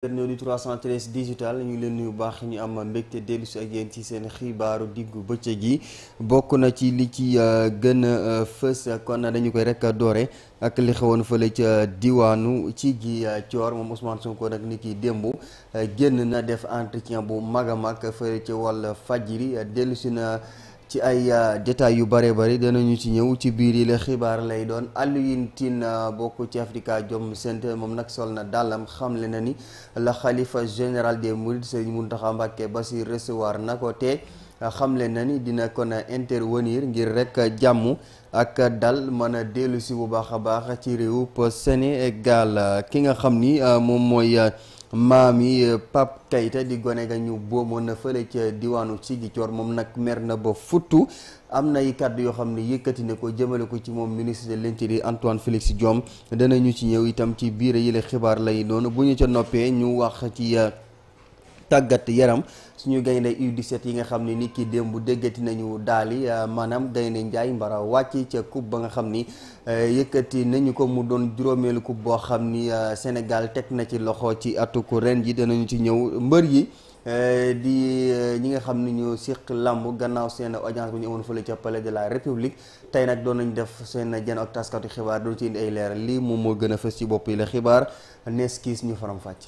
internet di 313 digital ñu leen nuyu baax ñu am mbégte dellusi ak yéen ci seen xibaaru diggu bëccëg yi bokk na ci li ci euh, gën a euh, fës kon na dañu koy rek doore ak li xewoon fële ca diwaanu ci gi Coor euh, moom Ousmane Sonko nag ni ki démb génn na def entretien bu mag a mag fële ca wàll fajiri dellusi na. ci ay euh, détails yu bare bari danañu ci ñëw ci biir yi la xibaar lay doon Alioune Tine euh, bokk ci Africa Jom Center moom nag sol na dàllam xamle na ni la xalifa général des Mourides Serigne Mountakha ba Bassir recevoir na ko te euh, xamle na ni dina kon intervenir ngir rek jàmm ak dal mën a dellu si bu baax a baax ci réewum Sénégal ki nga xam ni moom mooy. maam yi euh, Pape Keita di gone ga ñu boomoon na fële ca diwaanu Ziguinchor moom nag mer na ba futtu am na ay kàddu yoo xam ne yëkkati na ko jëmale ko ci moom ministre de l'intérieur Antoine Félix Diome danañu ci ñëw itam ci biir yile xibaar lay doon bu ñu ca noppee ñu wax ci. Euh, tàggat yaram suñu gaynde u yi nga xam ne ni ki démb déggati nañu daali euh, maanaam gaynde Njaay mbara wàcc ca coupe ba nga xam ni euh, yëkkati nañu ko mu doon juróomeelu coupe boo xam ni euh, Sénégal teg na ci loxo ci atuku ren ji danañu ci ñëw mbër yi di ñi nga xam ni ñu siq lamb gannaaw seen audience bu ñu amoon fële ca palais de la république tey nag doon nañ def seen jan ak taskatu xibaar doon ci indi ay leer lii moom moo gën a fës ci bopp yi la xibaar nees kiis ñu faram fàcc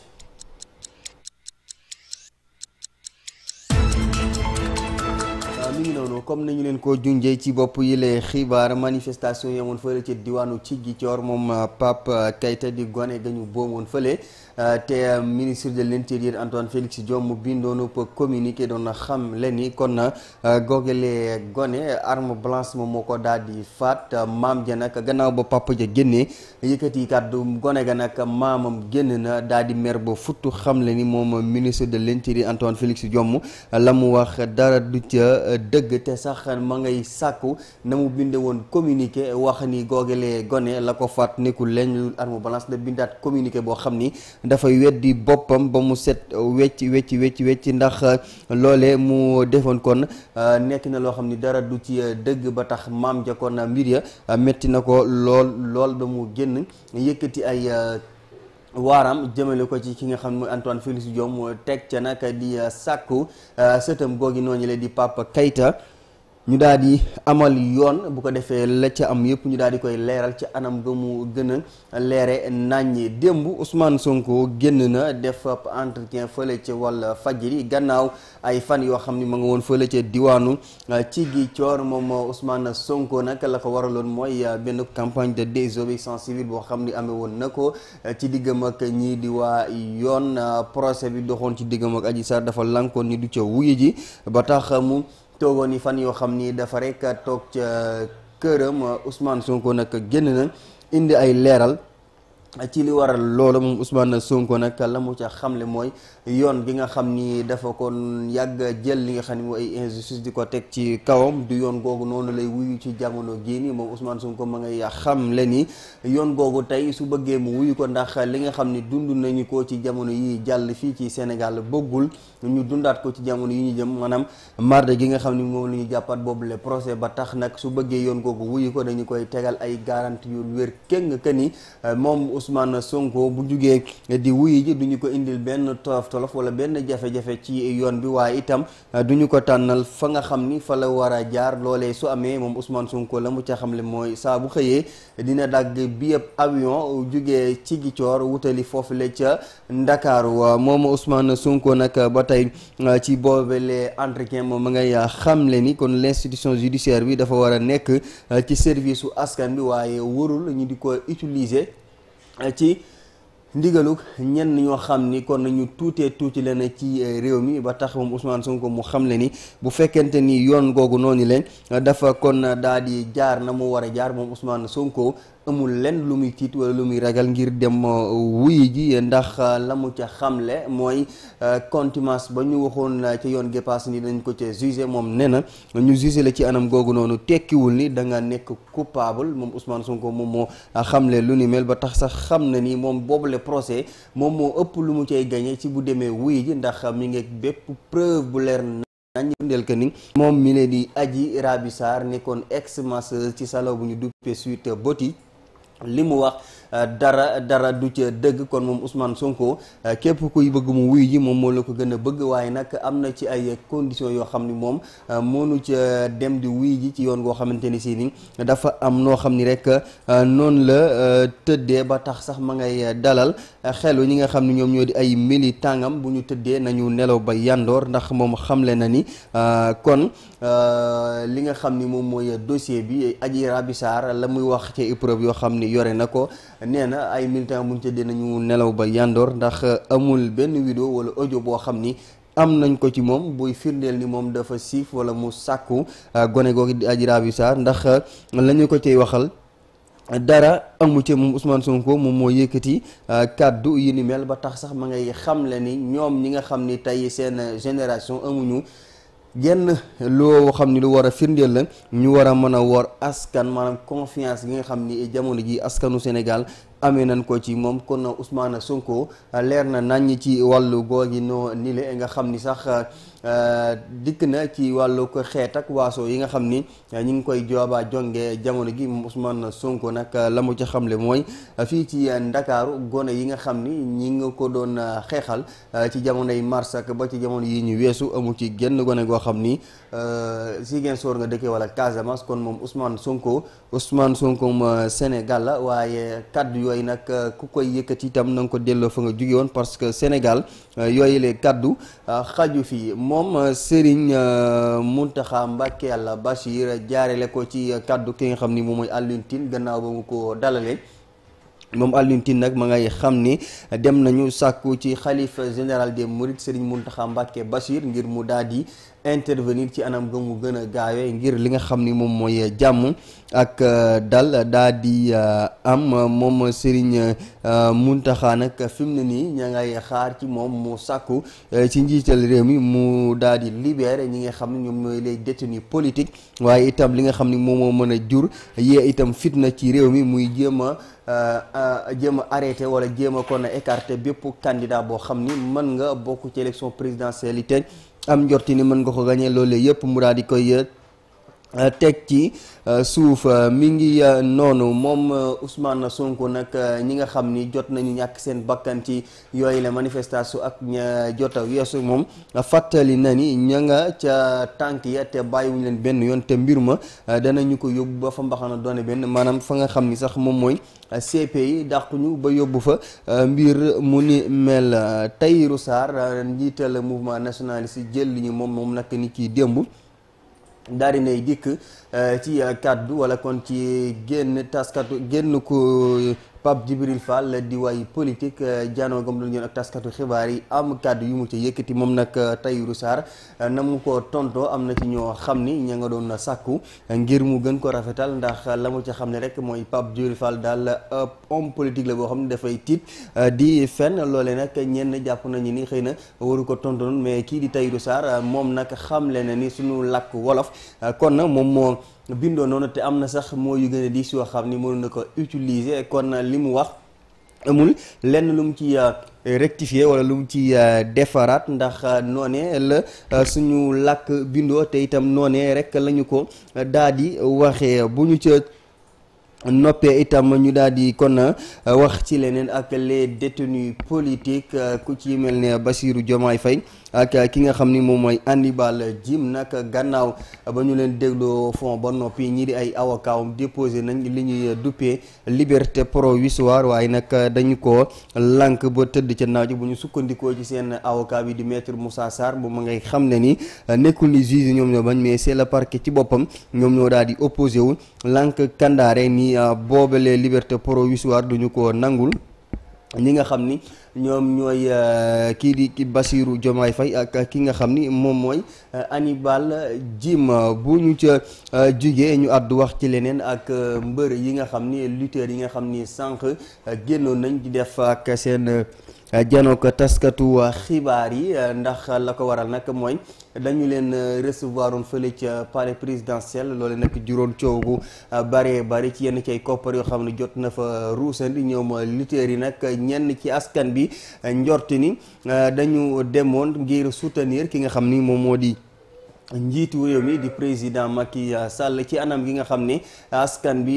comme nañu leen ko junjee ci bopp yi xibaar manifestation yi amoon fële ci diwaanu ci Ziguinchor moom euh, Pape euh, Keita di gone gañu boomoon fële euh, te ministre de l'intérieur Antoine Félix Diome mu bindoonu communiqué doon na xam leen ni kon na googele gone arme blanche moom moo ko daal di faat maam ja nag gannaaw ba papa ja génnee yëkkati kàddu gone ga nag maamam génn na daal di mer ba futtu xam le ni moom ministre de l'intérieur Antoine Félix jomm la mu wax dara du ca te sax ma ngay sàkku na mu binde woon communiqué wax ni googelee gone la ko faat nekkul leen lu arme balance da bindaat communiqué boo xam ni dafay weddi boppam ba mu set wecc wecc wecc wecc ndax loole mu defoon kon euh, nekk na loo xam ni dara du ci euh, dëgg ba tax maam ja kon euh, mbir ya metti na ko lool lool ba mu génn yëkkati ay waaram jëmale ko ci ki nga xam ne mooy Antoine Félix Diome teg ca nag di sàkku sëtam googi noonu la di Papa Keita ñu daal di amal yoon bu ko defee la ca am yëpp ñu daal di koy leeral ci anam ga mu gën a leere naññi démb Ousmane Sonko génn na def entretien fële ca faj fajiri gannaaw ay fan yoo xam ni ma nga woon fële ca diwaanu ah, ci gi coor moom Ousmane Sonko nag la ko waraloon mooy ah, benn campagne de désobéissance civile boo xam ni amee woon na ko ah, ci diggam ak ñii di waa yoon procès bi doxoon ci diggam aji Adji Sarr dafa lankoon ni du ca wuyu ji ba tax toogoon ni fan yoo xam ni dafa rek toog ca këram Ousmane Sonko nag génn na indi ay leeral ci li waral loola moom Ousmane Sonko nag la mu ca xamle mooy yoon gi nga xam ni dafa ko yàgg jël li nga xam ni mooy ay injustice di ko teg ci kawam du yoon googu noonu lay wuyu ci jamono gii nii moom Ousmane Sonko ma ngay xamle ni yoon googu tey su bëggee mu wuyu ko ndax li nga xam ni dund nañu ko ci jamono yi jàll fii ci Sénégal bëggul ñu dundaat ko ci jamono yi ñu jëm maanaam marde gi nga xam ni moom la ñu boobu le procès ba tax nag su bëggee yoon googu wuyu ko dañu koy tegal ay garantie yu wér kéng que ni euh, moom Ousmane Sonko bu jugee di wuyi duñu ko indil benn tolof tolof wala benn jafe-jafe ci yoon bi waaye itam duñu ko tànnal fa nga xam ni fa la war a jaar loolee su amee moom Ousmane Sonko la mu ca xamle mooy saa bu xëyee dina dagg bi yëpp avion jugee ci Ziguinchor wutali foofu la ca Ndakaaru moom Ousmane Sonko nag ba tey ci boobele entretien moom ma ngay xamle ni kon l'institution judiciaire bi dafa war a nekk ci service su askan bi waaye warul ñu di ko utiliser ci ndigaluk ñenn ñoo xam ni kon nañu tuutee tuuti la ne ci eh, réew mi ba tax moom Ousmane Sonko mu xam le ni bu fekkente ni yoon googu noonu leen dafa kon daal di jaar na mu war a jaar moom Ousmane Sonko amul lenn lu muy tiit wala lu muy ragal ngir dem euh, wuyi ji ndax euh, la mu ca xamle mooy euh, contumace ba ñu waxoon ca yoon gépaas ni dañ ko ca jugé moom nee na ñu jugé la ci anam googu noonu tekkiwul ni danga nekk coupable moom Ousmane Sonko moom moo xamle lu ni mel ba tax sax xam na ni moom boobule procès moom moo ëpp lu mu cay gañe ci bu demee wuyi ji ndax mi nga bépp preuve bu leer nañ ndel que ni moom mi leen di aji Raby Sarr nekkoon ex masseuse ci salon bu ñu duppee suite boti li mu wax Euh, dara dara du ca dëgg kon moom Ousmane Sonko euh, képp kuy bëgg mu wuy ji moom moo la ko gën a bëgg waaye nag am na ci ay conditions yoo xam ni moom euh, moonu ca dem di wuy ji ci yoon goo xamante ni si ni dafa am noo xam ni rek noonu la tëddee ba tax sax ma ngay dalal xelu ñi nga xam ni ñoom ñoo di ay tàngam bu ñu tëddee nañu nelaw ba yandoor ndax moom xamle na ni kon li nga xam ni moom mooy dossier bi Adji Raby la muy wax ci épreuve yoo xam ni yore na ko nee na ay militant muñ ca dinañu nelaw ba yandoor ndax amul benn vidéo wala audio boo xam ni am nañ ko ci moom buy firndeel ni moom dafa siif wala mu sàkku ah, gone googu di Adji Raby Sarr ndax ah, la ñu ko cay waxal dara amu ci moom Ousmane Sonko moom moo yëkkati ah, kàddu yi ni mel ba tax sax ma ngay xam le ni ñoom ñi nga xam ni tey seen génération amuñu genn loo xam ni lu war a firndeel la ñu war a mën a wor askan maanaam confiance gi nga xam ni jamono ji askanu Sénégal amee nañ ko ci moom kon Ousmane Sonko leer na nañ ci wàllu googi noo ni le nga xam ni sax Euh, dikk na ci wàlloo ko xeet ak waaso yi nga xam ni ñu ngi koy joobaa jonge jamono gi Ousmane Sonko nag la mu ci xamle mooy fii ci Ndakaaru gone yi nga xam ni ñi nga ko doon euh, xeexal euh, ci jamonoy mars ak ba ci jamono yi ñu weesu amu ci genn gone goo xam ni Ziguinchor nga dëkkee wala Casamance kon moom Ousmane Sonko Ousmane Sonko ma Sénégal la waaye kàddu yooyu nag ku koy yëkkati itam na nga ko delloo fa nga jóge woon parce que Sénégal yooyu le moom Serigne euh, Mountakha Mbacké Al Bachir jaarele ko ci kaddu ki nga xam ni moom mooy Alioune gannaaw ba mu ko dalalee moom Alioune nag ma ngay xam ni dem nañu sàkku ci xalifa général des Mourides Serigne Mountakha Mbacké Bachir ngir mu daal di intervenir ci anam ga mu gën a gaawee ngir li nga xam ni moom mooy jàmm ak euh, dal daa di euh, am moom Serigne euh, Mountakha nag fi mu ne nii ña ngay xaar ci moom mu sàkku ci njiital réew mi mu daal di libéré ñi nga xam ne ñoom ñooy les détenus politiques waaye itam li nga xam ni moom moo mën a jur yee itam fitna ci réew mi muy jéem a jéem a arrêté wala jéem a kon écarte bépp kandidaa boo xam ni mën nga bokk ci élection présidentielle yi am njorti ni mën nga ko gañee loolee yëpp mu daal di koy Euh, teg ci euh, suuf euh, mi ngi noonu moom Ousmane Sonko nag ñi nga xam ni jot nañu ñàkk seen bakkan ci yooyu la manifestation ak ña jota yeesu moom fàttali na ni ña nga ca tànk ya te bàyyiwuñu leen benn yoon te mbir ma danañu ko yóbbu ba fa mbaxana doone benn maanaam fa nga xam ni sax moom mooy yi dàquñu ba yóbbu fa mbir mu ni mel Tahirou Sarr njiital mouvement si jël li moom moom nag ni kii démb daal di nay dikk eh, ci kàddu wala kon ci génn taskatu génn ko Pape Djibril Fall di waay politique jaanoo euh, gam doon ñëw ak taskatu xibaar yi am kàddu yu mu ci yëkkati moom nag euh, Tahirou saar euh, na mu ko tontoo am na ci ñoo xam ni ña nga doon sàkku ngir mu gën ko rafetal ndax la mu ci xam ne rek mooy Pape Djibril Fall daal homme politique la boo xam ne dafay tiit di fenn loole nag ñenn jàpp nañu ni xëy na waru ko tontoon mais kii di Tahirou Sarr moom nag xam le ne ni suñu làkk wolof kon moom moo bindoo noonu te am na sax moo yu gën a diis yoo xam ni mënoon na ko utiliser kon li mu wax amul lenn lu mu ci euh, rectifier wala lu mu ci euh, defaraat ndax euh, noone la suñu làkk bindoo te itam noone rek la ñu ko daal di waxee bu ñu ca noppee itam ñu daal di kon wax ci leneen ak les détenus politiques ku ci mel ne basiiru Diomaye Faye ak ki nga xam ni moom mooy Hannibal Djim nag gànnaaw ba ñu leen dégloo fond ba noppi ñii di ay avocats déposé nañ li ñuy duppee liberté provisoire waaye nag dañu ko lànk ba tëdd ca naaj bu ñu sukkandikoo ci seen avocat bi di maître Moussa Sarr bu ma ngay xam ne ni nekkul ni juge ñoom ñoo bañ mais c'est le parquet ci boppam ñoom ñoo daal di opposé wu lànk kandaare ni boobalee liberté provisoire duñu ko nangul ñi nga xam ni ñoom ñooy euh, kii di ki Bassirou Diomaye fay ak ki nga xam ni moom mooy euh, Hannibal Djim bu ñu ca euh, jugee ñu àddu wax ci leneen ak mbër yi nga xam ni lutteurs yi nga xam ni sànq génnoon nañ di def ak seen. janoo ko taskatu xibaar yi ndax la ko waral nag mooy dañu leen recevoir woon fële ca palais présidentiel loole nag juróon coow bare bëree ci yenn ci ay koppar yoo xam ne jot na fa ruusandi ñoom lutteurs yi nag ñenn ci askan bi njort ni dañu demoon ngir soutenir ki nga xam ni moom moo di njiitu réew di président Macky Sall ci anam gi nga xam ne askan bi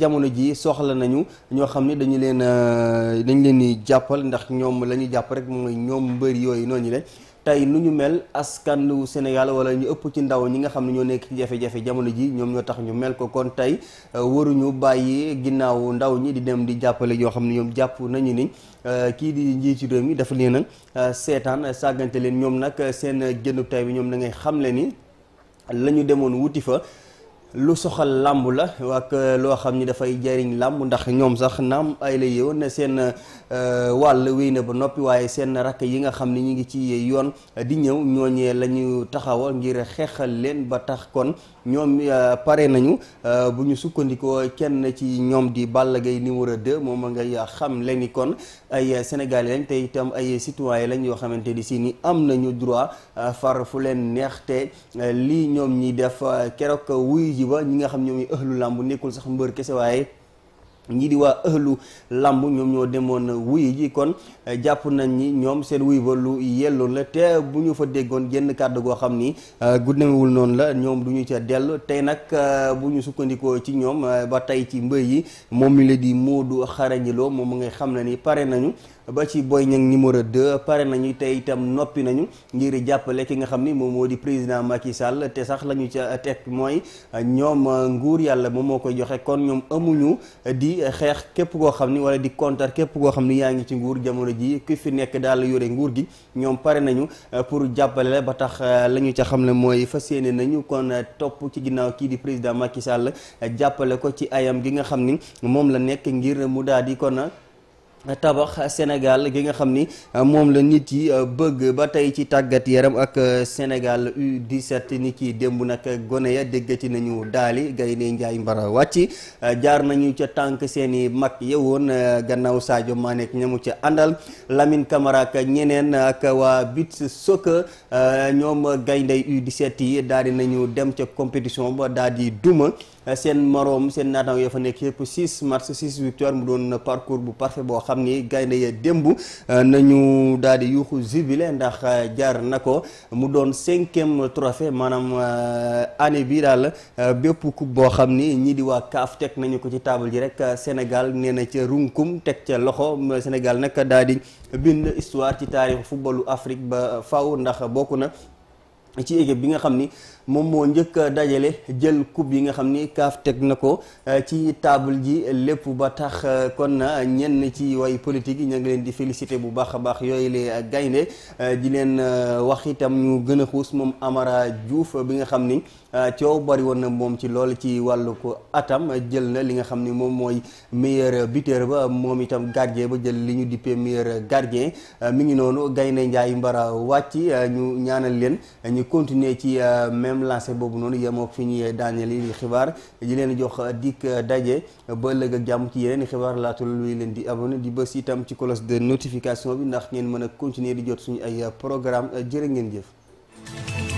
jamono ji soxla nañu ñoo xam ni dañu leen dañ leen di jàppal ndax ñoom la ñuy jàpp rek mooy ñoom mbër yooyu noonu lañ tey lu ñu mel askan wu Sénégal wala ñu ëpp ci ndaw ñi nga xam ne ñoo nekk ci jafe-jafe jamono ji ñoom ñoo tax ñu mel ko kon tey euh, waruñu bàyyi ginnaaw ndaw ñi di dem di jàppale yoo xam ne ñoom jàpp nañu ni euh, kii di njiitu doom yi dafa leen a euh, seetaan sàggante leen ñoom nag seen gënub tay bi ñoom da ngay xam le ni la demoon wuti fa lu soxal làmb la ak euh, loo xam ni dafay jariñ làmb ndax ñoom sax nàmm ay la yoon seen euh, wàll wéy na ba noppi waaye seen rakk yi nga xam ni ñu ngi ci yoon di ñëw ñooñee la ñu taxawal ngir xeexal leen ba tax kon ñoom euh, pare nañu euh, bu ñu sukkandikoo kenn ci ñoom di Balla Gaye numéro 2 moom a ngay xam leen ni kon ay sénégalais lañ te itam ay citoyens lañ yoo xamante ni si ni am nañu droit euh, far fu leen neex te lii ñoom ñi def keroog wuy ji ba ñi nga xam ñoom ñi ëxlu làmb nekkul sax mbër kese waaye ñii di waa ëhlu làmb ñoom ñoo demoon wuy ji kon eh, jàpp nañ ni ñoom seen wuyu ba lu yelloon la te bu ñu fa déggoon génn kàddu goo xam ni eh, guddemewul noonu la ñoom du ñu ca dellu tey nag eh, bu ñu sukkandikoo ci ñoom ba tey ci mbëy yi moom mi la di Modou Xarañ Lo moom mu ngay xam ne ni pare nañu ba ci Boy Niang numéro 2 pare nañu te itam noppi nañu ngir jàppale ki nga xam ni moom moo di président Macky Sall te sax la ñu ca teg mooy ñoom nguur yàlla moom moo koy joxe kon ñoom amuñu di xeex képp koo xam ni wala di kontar képp koo xam ni yaa ngi ci nguur jamono ji ku fi nekk daal yore nguur gi ñoom pare nañu pour jàppale ba tax la ñu ca xam ne mooy fas yéene nañu kon topp ci ginnaaw kii di président Macky Sall jàppale ko ci ayam gi nga xam ni ngir mu daal kon tabax Sénégal gi nga xam ni euh, moom la nit yi euh, bëgg ba tey ci tàggat yaram ak euh, Sénégal U17 nit yi démb nag gone ya déggati nañu daali gaynde Njaay Mbara wàcc jaar nañu ca tànk seen i mag yewoon gannaaw Sadio Mané ak ñamu ca àndal Lamine Camara ñeneen ak waa Beach Soccer ñoom gaynde U17 yi daal di nañu dem ca compétition ba daal di duma Euh, seen moroom seen naataango yoo fa nekk yëpp 6 match 6 victoire mu doon parcours bu parfait boo xam ni gaynde ya démb euh, nañu daal di yuuxu jubile ndax euh, jaar na ko mu doon cinquième trophée maanaam année bi daal bépp coupe boo xam ni ñii di waa CAF teg nañu ko ci table ji rek Sénégal nee na ca runkum teg ca loxo Sénégal nag daal di bind histoire ci taarixu footballu Afrique ba faw ndax bokk na ci équipe bi nga xam ni moom moo njëkk dajale jël coupe yi nga xam ni kaaf teg na ko euh, ci table ji lépp ba tax euh, kon euh, ñenn ci way politique yi ñu ngi leen di félicité bu baax a baax yooyu lee gaynde di leen wax itam ñu gën a xuus moom Amara Diouf bi nga xam ni coow bari woon na moom ci lool ci wàllu ko atam jël na li nga xam ni moom mooy meilleur buteur ba moom itam gardien ba jël li ñu dippee meilleur gardien mi ngi noonu gaynde Njaay Mbara wàcc ñu ñaanal leen ñu continuer ci même lancé boobu noonu yemook fi ñuy daaneel yi xibaar di leen jox dikk daje ba ëllëg ak jàmm ci yeneen i xibaar laata luy leen di abonné di bës itam ci cloche de notification bi ndax ngeen mën a continuer di jot suñu ay programme jërë ngeen jëf